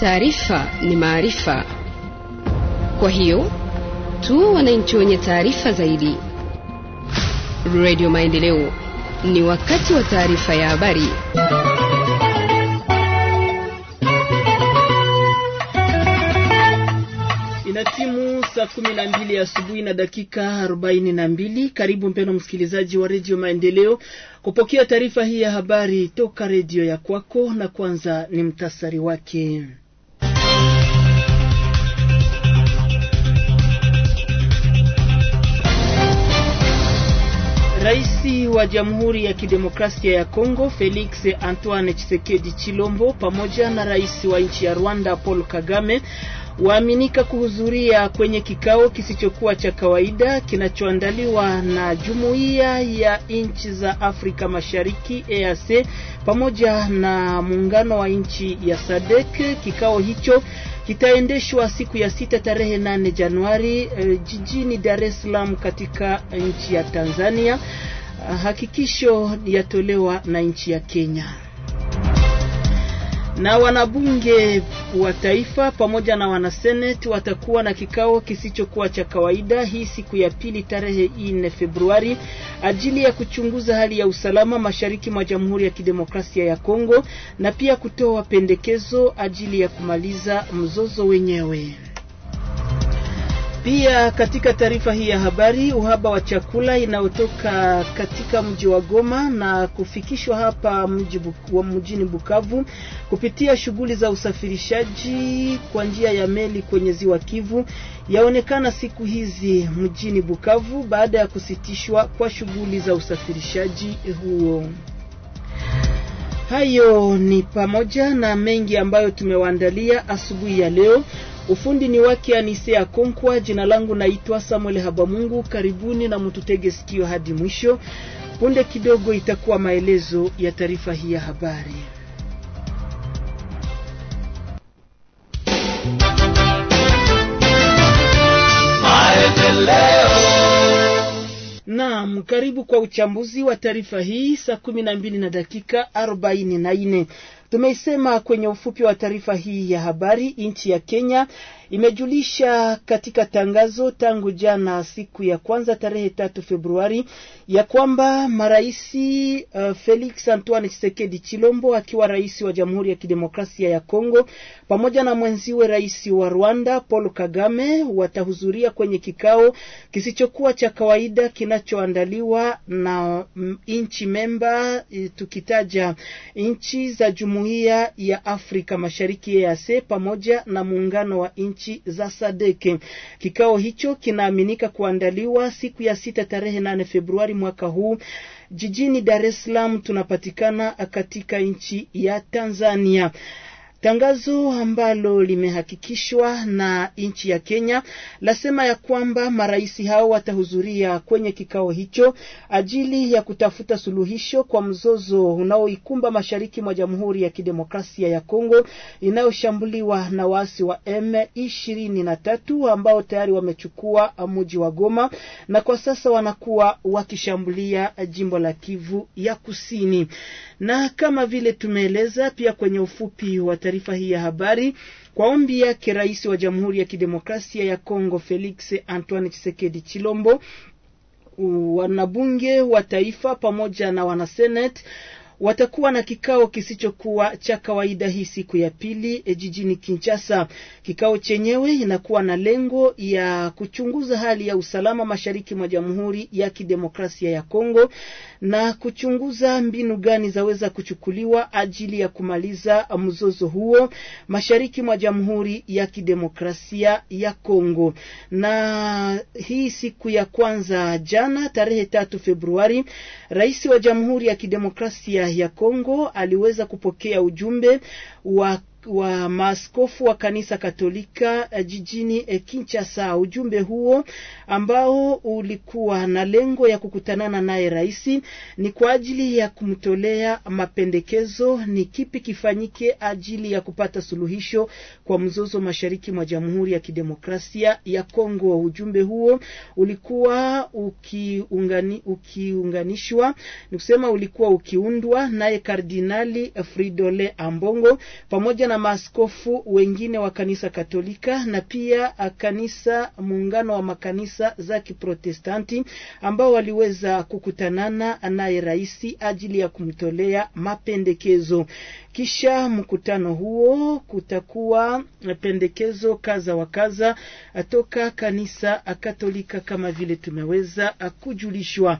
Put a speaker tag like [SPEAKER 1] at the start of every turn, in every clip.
[SPEAKER 1] Taarifa ni maarifa, kwa hiyo tu wananchi wenye taarifa zaidi. Radio Maendeleo, ni wakati wa taarifa ya habari.
[SPEAKER 2] Inatimu saa kumi na mbili asubuhi na dakika arobaini na mbili. Karibu mpeno msikilizaji wa redio Maendeleo kupokea taarifa hii ya habari toka redio ya kwako, na kwanza ni mtasari wake. Rais wa Jamhuri ya Kidemokrasia ya Kongo Felix Antoine Tshisekedi Chilombo pamoja na rais wa nchi ya Rwanda Paul Kagame waaminika kuhudhuria kwenye kikao kisichokuwa cha kawaida kinachoandaliwa na Jumuiya ya Nchi za Afrika Mashariki EAC pamoja na muungano wa nchi ya SADC. Kikao hicho kitaendeshwa siku ya sita tarehe nane Januari e, jijini Dar es Salaam katika nchi ya Tanzania. Hakikisho yatolewa na nchi ya Kenya. Na wanabunge wa taifa pamoja na wanaseneti watakuwa na kikao kisichokuwa cha kawaida hii siku ya pili tarehe 4 Februari ajili ya kuchunguza hali ya usalama mashariki mwa Jamhuri ya Kidemokrasia ya Kongo na pia kutoa pendekezo ajili ya kumaliza mzozo wenyewe. Pia katika taarifa hii ya habari, uhaba wa chakula inayotoka katika mji wa Goma na kufikishwa hapa mji wa mjini Bukavu kupitia shughuli za usafirishaji kwa njia ya meli kwenye ziwa Kivu yaonekana siku hizi mjini Bukavu baada ya kusitishwa kwa shughuli za usafirishaji huo. Hayo ni pamoja na mengi ambayo tumewaandalia asubuhi ya leo. Ufundi ni wake Anise ya Konkwa. Jina langu naitwa Samuel Habamungu. Karibuni na mtutege sikio hadi mwisho. Punde kidogo itakuwa maelezo ya taarifa hii ya habari. Naam, karibu kwa uchambuzi wa taarifa hii saa kumi na mbili na dakika arobaini na nne. Tumeisema kwenye ufupi wa taarifa hii ya habari, nchi ya Kenya imejulisha katika tangazo tangu jana siku ya kwanza tarehe tatu Februari ya kwamba maraisi uh, Felix Antoine Tshisekedi Chilombo akiwa rais wa Jamhuri ya Kidemokrasia ya Kongo pamoja na mwenziwe rais wa Rwanda Paul Kagame watahudhuria kwenye kikao kisichokuwa cha kawaida kinachoandaliwa na mm, nchi memba, eh, tukitaja nchi za Jumuiya ya Afrika Mashariki EAC pamoja na muungano wa nchi nchi za SADC. Kikao hicho kinaaminika kuandaliwa siku ya sita tarehe nane Februari mwaka huu jijini Dar es Salaam. Tunapatikana katika nchi ya Tanzania. Tangazo ambalo limehakikishwa na nchi ya Kenya lasema ya kwamba marais hao watahudhuria kwenye kikao hicho ajili ya kutafuta suluhisho kwa mzozo unaoikumba mashariki mwa Jamhuri ya Kidemokrasia ya Kongo inayoshambuliwa na waasi wa M23 ambao tayari wamechukua mji wa Goma na kwa sasa wanakuwa wakishambulia jimbo la Kivu ya Kusini na kama vile tumeeleza pia kwenye ufupi wa taarifa hii ya habari, kwa ombi yake rais wa Jamhuri ya Kidemokrasia ya Kongo Felix Antoine Tshisekedi Chilombo wanabunge wa taifa pamoja na wanaseneti watakuwa na kikao kisichokuwa cha kawaida hii siku ya pili eh, jijini Kinshasa. Kikao chenyewe inakuwa na lengo ya kuchunguza hali ya usalama mashariki mwa Jamhuri ya Kidemokrasia ya Kongo na kuchunguza mbinu gani zaweza kuchukuliwa ajili ya kumaliza mzozo huo mashariki mwa Jamhuri ya Kidemokrasia ya Kongo. Na hii siku ya kwanza jana, tarehe tatu Februari, Rais wa Jamhuri ya Kidemokrasia ya Kongo aliweza kupokea ujumbe wa wa maaskofu wa kanisa Katolika eh, jijini eh, Kinshasa. Ujumbe huo ambao ulikuwa na lengo ya kukutanana naye rais ni kwa ajili ya kumtolea mapendekezo ni kipi kifanyike ajili ya kupata suluhisho kwa mzozo mashariki mwa Jamhuri ya Kidemokrasia ya Kongo. Ujumbe huo ulikuwa ukiungani, ukiunganishwa ni kusema ulikuwa ukiundwa naye Kardinali fridole Ambongo pamoja na maaskofu wengine wa kanisa Katolika na pia kanisa muungano wa makanisa za Kiprotestanti ambao waliweza kukutanana naye rais ajili ya kumtolea mapendekezo. Kisha mkutano huo kutakuwa pendekezo kaza wa kaza toka kanisa Katolika kama vile tumeweza kujulishwa.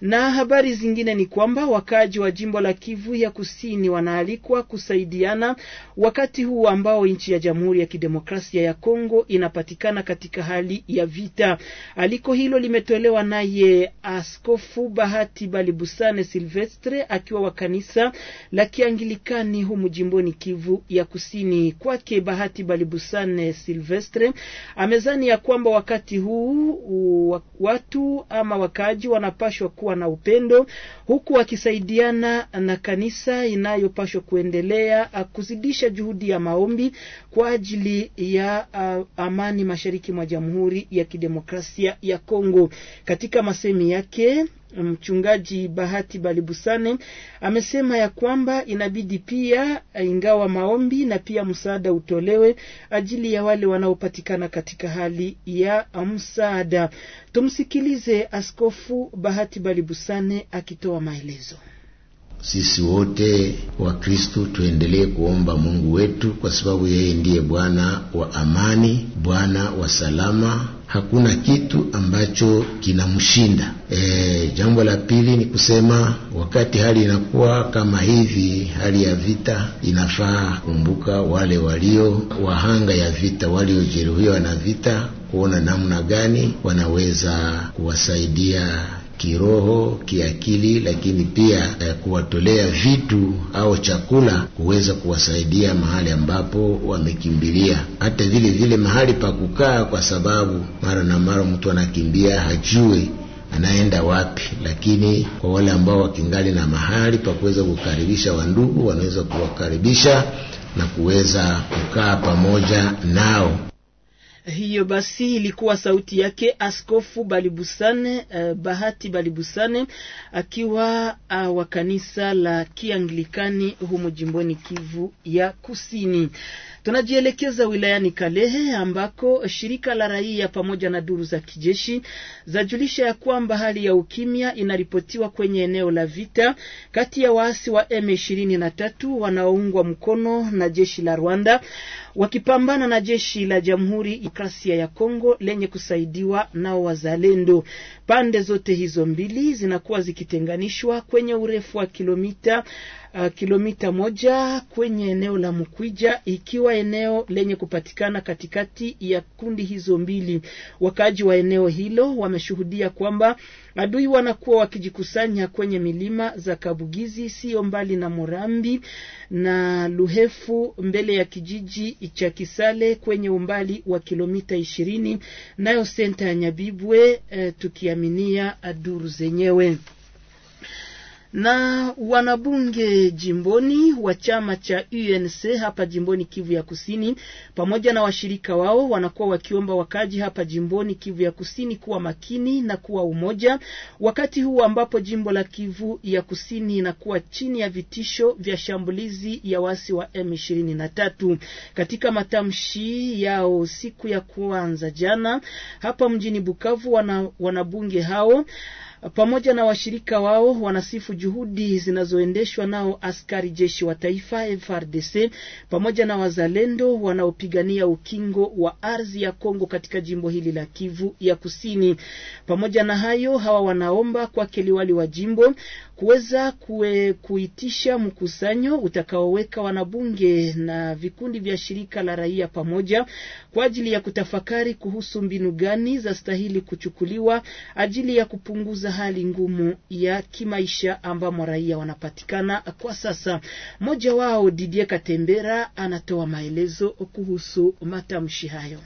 [SPEAKER 2] Na habari zingine ni kwamba wakaaji wa jimbo la Kivu ya Kusini wanaalikwa kusaidiana wa wakati huu ambao nchi ya Jamhuri ya Kidemokrasia ya Kongo inapatikana katika hali ya vita. Aliko hilo limetolewa naye Askofu Bahati Balibusane Silvestre akiwa wa kanisa la Kiangilikani humu jimboni Kivu ya Kusini. Kwake Bahati Balibusane Silvestre amezani ya kwamba wakati huu watu ama wakaaji wanapashwa kuwa na upendo huku wakisaidiana na kanisa inayopashwa kuendelea kuzidisha juhudi ya maombi kwa ajili ya uh, amani mashariki mwa Jamhuri ya Kidemokrasia ya Kongo. Katika masemi yake Mchungaji Bahati Balibusane amesema ya kwamba inabidi pia, uh, ingawa maombi na pia msaada utolewe ajili ya wale wanaopatikana katika hali ya uh, msaada. Tumsikilize Askofu Bahati Balibusane akitoa maelezo.
[SPEAKER 3] Sisi wote wa Kristo tuendelee kuomba Mungu wetu, kwa sababu yeye ndiye Bwana wa amani, Bwana wa salama. Hakuna kitu ambacho kinamshinda. E, jambo la pili ni kusema wakati hali inakuwa kama hivi, hali ya vita, inafaa kumbuka wale walio wahanga ya vita, waliojeruhiwa na vita, kuona namna gani wanaweza kuwasaidia kiroho, kiakili, lakini pia eh, kuwatolea vitu au chakula kuweza kuwasaidia mahali ambapo wamekimbilia, hata vile vile mahali pa kukaa, kwa sababu mara na mara mtu anakimbia hajue anaenda wapi. Lakini kwa wale ambao wakingali na mahali pa kuweza kukaribisha wandugu, wanaweza kuwakaribisha na kuweza kukaa pamoja nao.
[SPEAKER 2] Hiyo basi ilikuwa sauti yake Askofu Balibusane uh, Bahati Balibusane akiwa uh, wa kanisa la Kianglikani humo jimboni Kivu ya Kusini. Tunajielekeza wilayani Kalehe ambako shirika la raia pamoja na duru za kijeshi zajulisha ya kwamba hali ya ukimya inaripotiwa kwenye eneo la vita kati ya waasi wa M23 wanaoungwa mkono na jeshi la Rwanda wakipambana na jeshi la Jamhuri ya ya Kongo lenye kusaidiwa nao wazalendo. Pande zote hizo mbili zinakuwa zikitenganishwa kwenye urefu wa kilomita uh, kilomita moja kwenye eneo la Mkwija, ikiwa eneo lenye kupatikana katikati ya kundi hizo mbili. Wakaaji wa eneo hilo wameshuhudia kwamba adui wanakuwa wakijikusanya kwenye milima za Kabugizi, sio mbali na Morambi na Luhefu, mbele ya kijiji cha Kisale kwenye umbali wa kilomita ishirini nayo senta ya Nyabibwe, eh, tukiaminia duru zenyewe na wanabunge jimboni wa chama cha UNC hapa jimboni Kivu ya Kusini pamoja na washirika wao wanakuwa wakiomba wakaji hapa jimboni Kivu ya Kusini kuwa makini na kuwa umoja wakati huu ambapo jimbo la Kivu ya Kusini inakuwa chini ya vitisho vya shambulizi ya wasi wa M23. Katika matamshi yao siku ya kuanza jana hapa mjini Bukavu, wana wanabunge hao pamoja na washirika wao wanasifu juhudi zinazoendeshwa nao askari jeshi wa taifa frdc pamoja na wazalendo wanaopigania ukingo wa ardhi ya Kongo katika jimbo hili la Kivu ya Kusini. Pamoja na hayo, hawa wanaomba kwake liwali wa jimbo kuweza kue, kuitisha mkusanyo utakaoweka wanabunge na vikundi vya shirika la raia pamoja kwa ajili ya kutafakari kuhusu mbinu gani za stahili kuchukuliwa ajili ya kupunguza hali ngumu ya kimaisha ambamo raia wanapatikana kwa sasa. Mmoja wao Didier Katembera anatoa maelezo kuhusu matamshi hayo.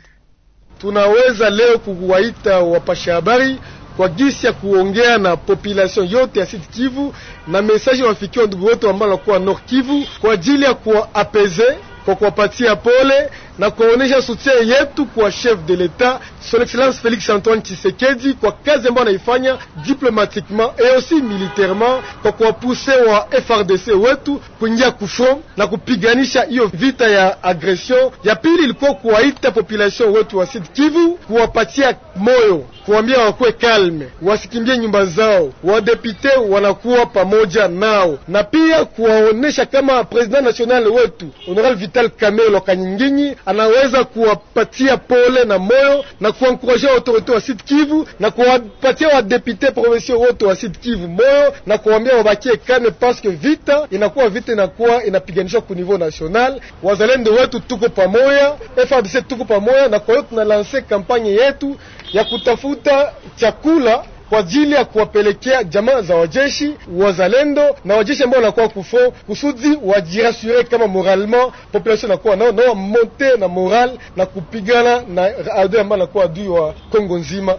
[SPEAKER 3] Tunaweza leo kuwaita wapasha habari kwa jinsi ya kuongea na population yote ya Sud Kivu na message wafikia ndugu wote ambao wanakuwa Nord Kivu kwa ajili ya kuapeze kwa kuwapatia pole na kuwaonyesha soutien yetu kwa chef de l'etat son excellence Felix Antoine Tshisekedi kwa kazi ambayo anaifanya diplomatiquement et aussi militairement kwa kuwapuse wa FRDC wetu kuingia kufront na kupiganisha hiyo vita ya agression. Ya pili ilikuwa kuwaita population wetu wa Sud Kivu, kuwapatia moyo, kuambia wakuwe kalme, wasikimbie nyumba zao, wadepite wanakuwa pamoja nao, na pia kuwaonesha kama president national wetu Honorable Vital Kamerhe Kanyiginyi anaweza kuwapatia pole na moyo na kuwankuraje autorite wa Sud Kivu na kuwapatia wadepute provinsio wote wa Sud Kivu moyo na kuwambia wabakie kame, paske vita inakuwa vita inakuwa inapiganishwa ku niveau national. Wazalendo wetu tuko pamoja, FARDC tuko pamoya na kwa hiyo tunalanse kampanye yetu ya kutafuta chakula kwa ajili ya kuwapelekea jamaa za wajeshi wazalendo na wajeshi ambao wanakuwa kufo kusudi wajirasure kama moralement population nakuwa nao na wamonte na moral na kupigana na adui ambao anakuwa adui wa Kongo nzima.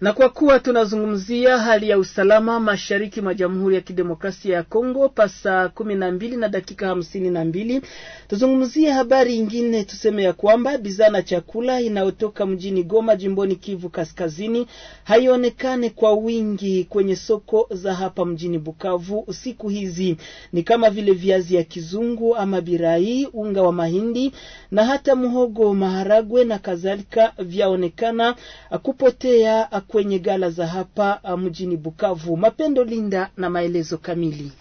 [SPEAKER 3] Na kwa kuwa tunazungumzia hali ya usalama mashariki mwa
[SPEAKER 2] Jamhuri ya Kidemokrasia ya Kongo, pasa kumi na mbili na dakika hamsini na mbili tuzungumzie habari ingine. Tuseme ya kwamba bidhaa na chakula inayotoka mjini Goma jimboni Kivu Kaskazini haionekane kwa wingi kwenye soko za hapa mjini Bukavu siku hizi, ni kama vile viazi ya kizungu ama birai, unga wa mahindi na hata mhogo, maharagwe na kadhalika, vyaonekana kupotea kwenye gala za hapa ah, mjini Bukavu. Mapendo Linda na maelezo kamili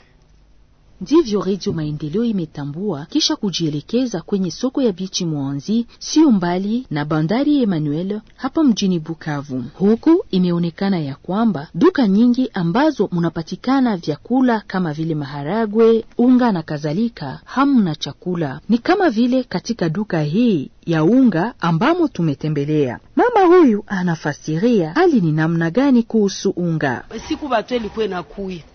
[SPEAKER 1] ndivyo Redio Maendeleo imetambua kisha kujielekeza kwenye soko ya Bichi Mwanzi, sio mbali na bandari Emmanuel hapa mjini Bukavu. Huku imeonekana ya kwamba duka nyingi ambazo munapatikana vyakula kama vile maharagwe, unga na kadhalika, hamna chakula. Ni kama vile katika duka hii ya unga ambamo tumetembelea, mama huyu anafasiria hali ni namna gani kuhusu unga.
[SPEAKER 2] Siku batu elikuwa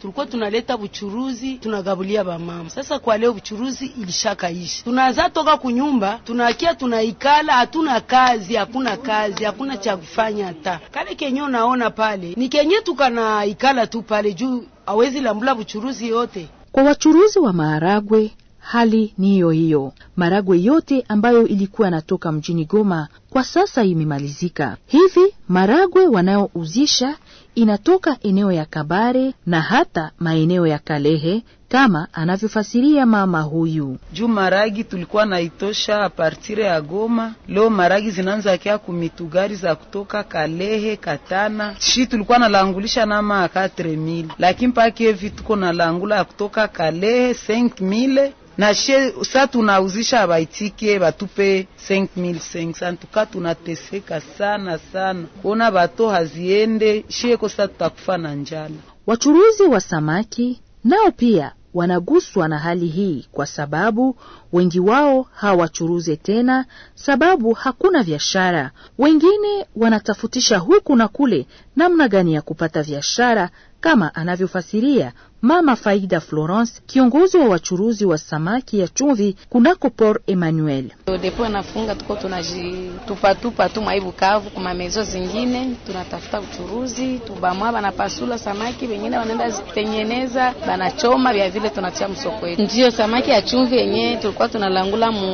[SPEAKER 2] tulikuwa tunaleta buchuruzi tunagabulia kusaidia bamama. Sasa kwa leo uchuruzi ilishakaishi, tunaza toka kunyumba, tunaakia tunaikala, hatuna kazi, hakuna kazi, hakuna cha kufanya. Hata kale kenye unaona pale ni kenye tukanaikala tu pale juu, awezi lambula uchuruzi yote.
[SPEAKER 1] Kwa wachuruzi wa maharagwe hali ni hiyo hiyo. Maragwe yote ambayo ilikuwa yanatoka mjini Goma kwa sasa imemalizika. Hivi maragwe wanayouzisha inatoka eneo ya Kabare na hata maeneo ya Kalehe kama anavyofasiria mama huyu.
[SPEAKER 2] Juu maragi tulikuwa naitosha apartire ya Goma, leo maragi zinaanza kia kumitugari za kutoka Kalehe, Katana. Shi tulikuwa nalangulisha nama aka 4000 lakini mpaka hivi tuko nalangula ya kutoka Kalehe 5000 na she sa tunauzisha baitikie batupe 5500 tuka tunateseka sana sana, kuona bato haziende shieko, sa tutakufa na njala.
[SPEAKER 1] Wachuruzi wa samaki nao pia wanaguswa na hali hii kwa sababu wengi wao hawachuruze tena, sababu hakuna biashara. Wengine wanatafutisha huku na kule namna gani ya kupata biashara, kama anavyofasiria Mama Faida Florence, kiongozi wa wachuruzi wa samaki ya chumvi kunako Port Emmanuel. Depo anafunga tuko tunajitupatupa tu maibu kavu kuma mezo zingine, tunatafuta uchuruzi tubamwa, banapasula samaki, wengine wanaenda zitengeneza, banachoma vya vile, tunatia msoko wetu. Ndio samaki ya chumvi yenyewe tulikuwa tunalangula mu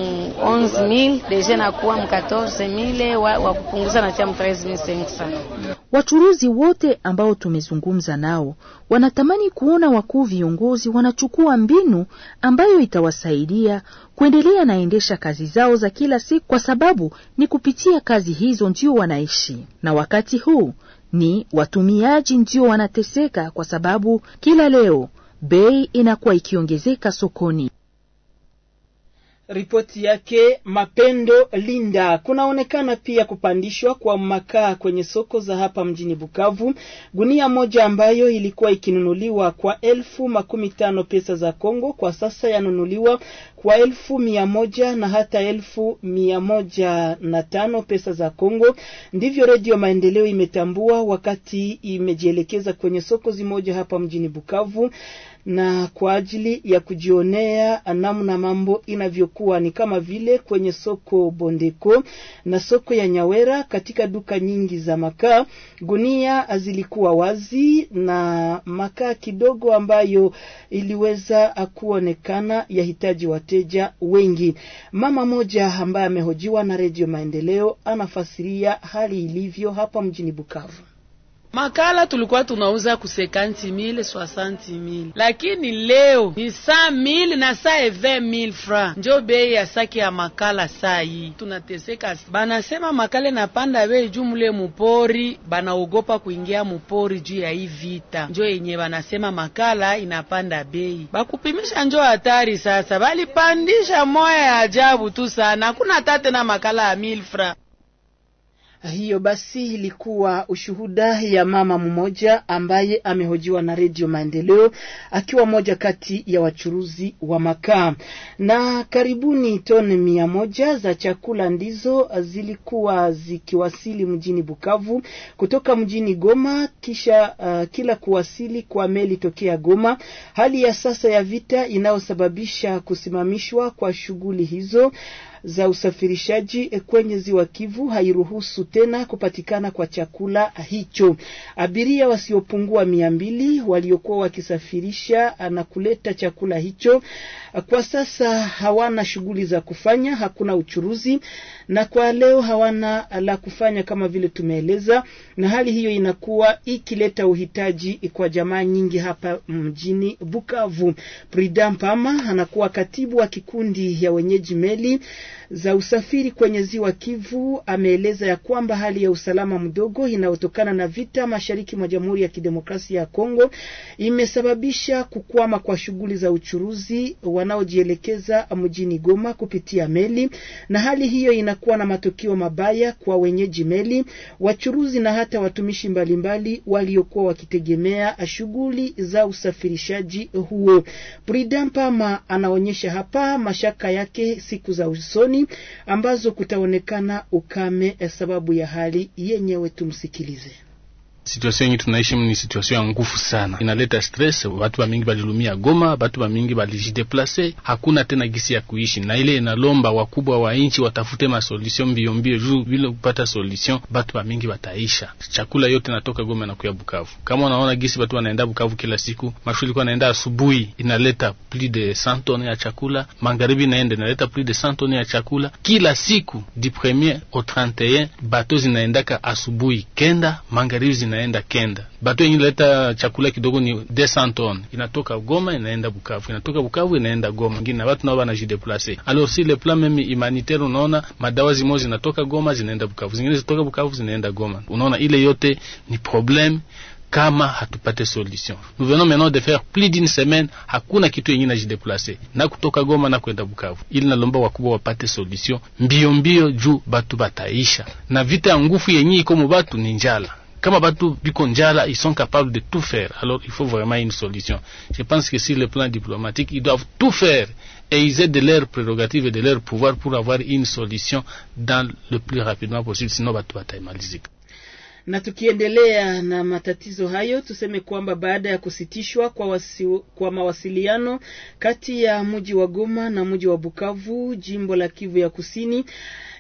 [SPEAKER 1] 11000 deje na kuwa mu 14000 wa, wa kupunguza na tia mu 13500. Wachuruzi wote ambao tumezungumza nao wanatamani kuona wakuu viongozi wanachukua mbinu ambayo itawasaidia kuendelea naendesha kazi zao za kila siku, kwa sababu ni kupitia kazi hizo ndio wanaishi, na wakati huu ni watumiaji ndio wanateseka, kwa sababu kila leo bei inakuwa ikiongezeka sokoni
[SPEAKER 2] ripoti yake Mapendo Linda. Kunaonekana pia kupandishwa kwa makaa kwenye soko za hapa mjini Bukavu. Gunia moja ambayo ilikuwa ikinunuliwa kwa elfu makumi tano pesa za Kongo kwa sasa yanunuliwa kwa elfu mia moja na hata elfu mia moja na tano pesa za Kongo. Ndivyo Redio Maendeleo imetambua wakati imejielekeza kwenye soko zimoja hapa mjini Bukavu na kwa ajili ya kujionea namna mambo inavyokuwa ni kama vile kwenye soko Bondeko na soko ya Nyawera. Katika duka nyingi za makaa, gunia zilikuwa wazi na makaa kidogo ambayo iliweza kuonekana yahitaji wateja wateja wengi. Mama moja ambaye amehojiwa na Redio Maendeleo anafasiria hali ilivyo hapa mjini Bukavu. Makala tulikuwa tunauza ku 50000 60000, lakini leo ni 100000 na saa 20000 francs njo bei ya saki ya makala. Saa hii tunateseka, banasema makala na panda bei juu mule mupori, banaogopa kuingia mupori juu ya hii vita, njo yenye banasema makala inapanda bei, bakupimisha njo hatari. Sasa balipandisha moya ya ajabu tu sana, hakuna tate na makala ya 1000 francs hiyo basi ilikuwa ushuhuda ya mama mmoja ambaye amehojiwa na Redio Maendeleo akiwa moja kati ya wachuruzi wa makaa. Na karibuni toni mia moja za chakula ndizo zilikuwa zikiwasili mjini Bukavu kutoka mjini Goma kisha uh, kila kuwasili kwa meli tokea Goma. Hali ya sasa ya vita inayosababisha kusimamishwa kwa shughuli hizo za usafirishaji eh, kwenye ziwa Kivu hairuhusu tena kupatikana kwa chakula ah, hicho. Abiria wasiopungua mia mbili waliokuwa wakisafirisha ah, na kuleta chakula hicho ah, kwa sasa hawana shughuli za kufanya, hakuna uchuruzi na kwa leo hawana la kufanya kama vile tumeeleza, na hali hiyo inakuwa ikileta uhitaji eh, kwa jamaa nyingi hapa mjini Bukavu. Prida Mpama anakuwa katibu wa kikundi ya wenyeji meli za usafiri kwenye ziwa Kivu ameeleza ya kwamba hali ya usalama mdogo inayotokana na vita mashariki mwa Jamhuri ya Kidemokrasia ya Kongo imesababisha kukwama kwa shughuli za uchuruzi wanaojielekeza mjini Goma kupitia meli, na hali hiyo inakuwa na matukio mabaya kwa wenyeji meli, wachuruzi na hata watumishi mbalimbali waliokuwa wakitegemea shughuli za usafirishaji huo. Pridampama anaonyesha hapa mashaka yake siku za uso jimboni ambazo kutaonekana ukame eh, sababu ya hali yenyewe. Tumsikilize
[SPEAKER 4] situation yenye tunaishi ni situation ya nguvu sana, inaleta stress. Watu wa mingi balilumia Goma, watu wa mingi balijideplase, hakuna tena gisi ya kuishi, na ile inalomba wakubwa wa nchi watafute masolution mbio mbio, juu bila kupata solution watu wa mingi wataisha. Chakula yote natoka Goma na kuya Bukavu. Kama unaona gisi watu wanaenda Bukavu kila siku, mashuli kwa naenda asubuhi, inaleta plus de 100 tonnes ya chakula, magharibi naenda inaleta plus de 100 tonnes ya chakula kila siku, du 1er au 31 bato zinaendaka asubuhi kenda, magharibi inaenda kenda. Bato yenye leta chakula kidogo ni 200 ton, inatoka Goma inaenda Bukavu, inatoka Bukavu inaenda Goma ngine, na watu nao wanajideplace. Alors si le plan meme humanitaire, unaona madawa zimo zinatoka Goma zinaenda Bukavu, zingine zinatoka Bukavu zinaenda Goma. Unaona ile yote ni problem kama hatupate solution. Nous venons maintenant de faire plus d'une semaine, hakuna kitu yenye najideplace na kutoka Goma na kwenda Bukavu, ili nalomba wakubwa wapate solution mbio mbio, juu batu bataisha na vita ya ngufu yenye iko mu batu ni njala kama batu biko njala, ils sont capables de tout faire. Alors il faut vraiment une solution. Je pense que sur le plan diplomatique, ils doivent tout faire et ils aient de leurs prérogatives et de leur pouvoir pour avoir une solution dans le plus rapidement possible, sinon batu bataimalizika
[SPEAKER 2] na tukiendelea na matatizo hayo, tuseme kwamba baada ya kusitishwa kwa, wasi, kwa mawasiliano kati ya mji wa Goma na mji wa Bukavu, jimbo la Kivu ya Kusini,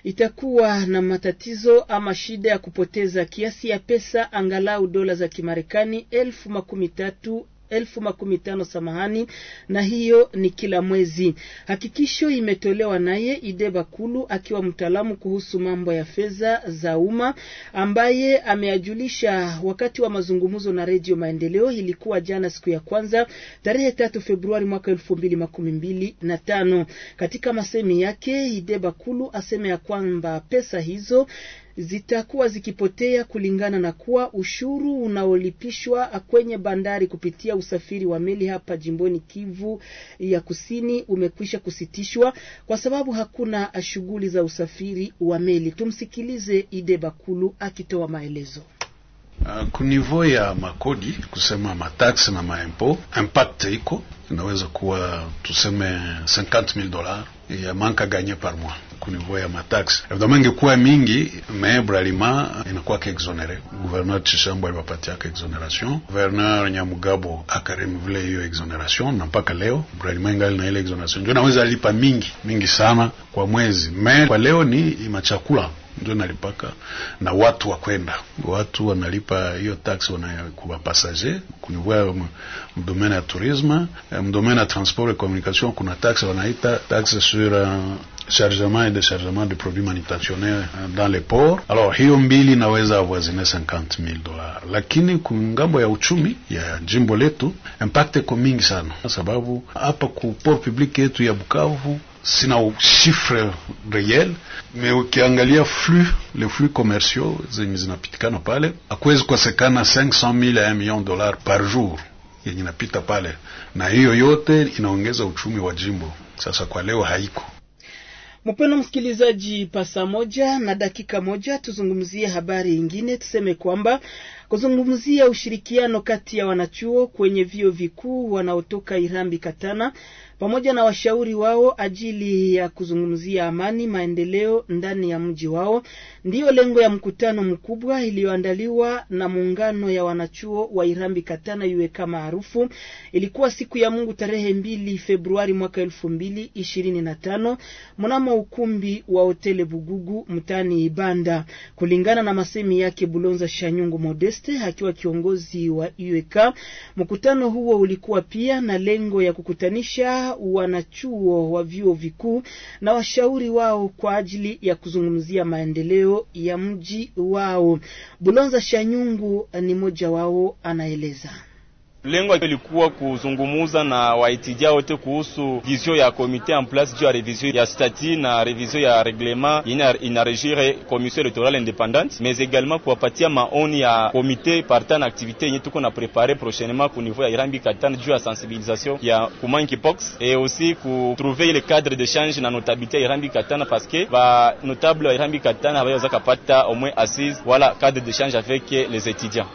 [SPEAKER 2] itakuwa na matatizo ama shida ya kupoteza kiasi ya pesa angalau dola za Kimarekani elfu makumi tatu elfu makumi tano samahani, na hiyo ni kila mwezi. Hakikisho imetolewa naye Ide Bakulu akiwa mtaalamu kuhusu mambo ya fedha za umma ambaye ameajulisha wakati wa mazungumzo na Redio Maendeleo. Ilikuwa jana siku ya kwanza tarehe tatu Februari mwaka elfu mbili makumi mbili na tano. Katika masemi yake Ide Bakulu aseme ya kwamba pesa hizo zitakuwa zikipotea kulingana na kuwa ushuru unaolipishwa kwenye bandari kupitia usafiri wa meli hapa jimboni Kivu ya Kusini umekwisha kusitishwa kwa sababu hakuna shughuli za usafiri wa meli. Tumsikilize Ide Bakulu akitoa maelezo.
[SPEAKER 5] Uh, kunivo ya makodi kusema mataxe na maimpo impact iko inaweza kuwa tuseme 50000 dollars ya manka ganye par mois kunivou ya mataxe evidemment ingekuwa mingi me bralima inakuwa ke exonere. gouverneur Chishambo ke exoneration gouverneur Nyamugabo akarimu vile hiyo exoneration na mpaka leo bralima ingali na ile exoneration, ndio naweza lipa mingi mingi sana kwa mwezi me kwa leo ni machakula ndio nalipaka na watu wa kwenda, watu wanalipa hiyo tax wanakuwa passager kunivua mdomaine ya tourisme, mdomaine ya transport et communication, kuna tax wanaita tax sur euh, chargement et déchargement de produits manutationnels dans les ports. Alors hiyo mbili inaweza avoisine 50000 dollars, lakini kungambo ya uchumi ya jimbo letu impact iko mingi sana, sababu hapa ku port public yetu ya Bukavu sina chiffre reel me ukiangalia flux le flux commerciaux zenye zinapitikana pale akuwezi kukosekana 500000 ya 1 million dollar par jour yenye inapita pale, na hiyo yote inaongeza uchumi wa jimbo. Sasa kwa leo haiko
[SPEAKER 2] Mpendwa msikilizaji, pasa moja na dakika moja tuzungumzie habari ingine. Tuseme kwamba kuzungumzia ushirikiano kati ya wanachuo kwenye vyuo vikuu wanaotoka Irambi Katana pamoja na washauri wao ajili ya kuzungumzia amani maendeleo ndani ya mji wao, ndiyo lengo ya mkutano mkubwa iliyoandaliwa na muungano ya wanachuo wa Irambi Katana yuweka maarufu. Ilikuwa siku ya Mungu tarehe mbili Februari mwaka elfu mbili ishirini na tano mnamo ukumbi wa hotele Bugugu mtaani Ibanda, kulingana na masemi yake Bulonza Shanyungu Modest Celeste akiwa kiongozi wa UEK. Mkutano huo ulikuwa pia na lengo ya kukutanisha wanachuo wa vyuo vikuu na washauri wao kwa ajili ya kuzungumzia maendeleo ya mji wao. Bulonza Shanyungu ni mmoja wao, anaeleza.
[SPEAKER 4] Lengo ilikuwa kuzungumuza na waitidia wote kuhusu vizio ya komite en place juu ya revisio ya stati na revisio ya reglement inar inaregire commission electorale independante, mais également kuwapatia maoni ya komite partant na activité yenye tuko na prepare prochainement au niveau ya Irambi Katana juu ya sensibilisation ya ku monkeypox et aussi ku trouver le cadre d'échange na notabilité ya Irambi Katana parce que ba notable ya Irambi Katana bayaweza kapata au moins assise wala cadre change avec les étudiants.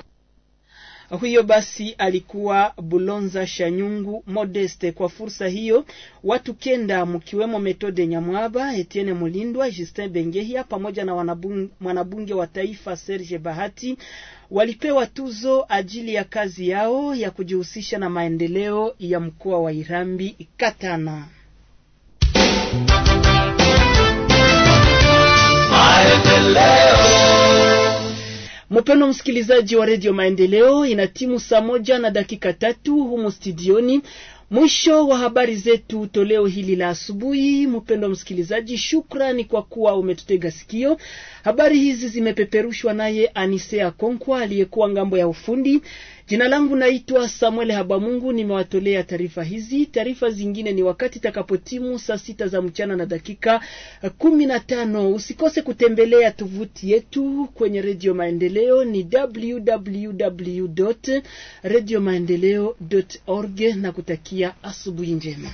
[SPEAKER 2] Huyo basi alikuwa Bulonza Shanyungu Modeste. Kwa fursa hiyo watu kenda mkiwemo metode Nyamwaba, Etienne Mulindwa, Justin Bengehia pamoja na mwanabunge wa taifa Serge Bahati walipewa tuzo ajili ya kazi yao ya kujihusisha na maendeleo ya mkoa wa Irambi Katana. Maendeleo. Mpendo msikilizaji wa redio Maendeleo, ina timu saa moja na dakika tatu humu studioni, mwisho wa habari zetu toleo hili la asubuhi. Mpendo msikilizaji, shukrani kwa kuwa umetutega sikio. Habari hizi zimepeperushwa naye Anisea Konkwa aliyekuwa ngambo ya ufundi. Jina langu naitwa Samuel Habamungu, nimewatolea taarifa hizi. Taarifa zingine ni wakati takapotimu saa sita za mchana na dakika kumi na tano. Usikose kutembelea tovuti yetu kwenye Redio Maendeleo ni www radio maendeleo org, na kutakia asubuhi njema.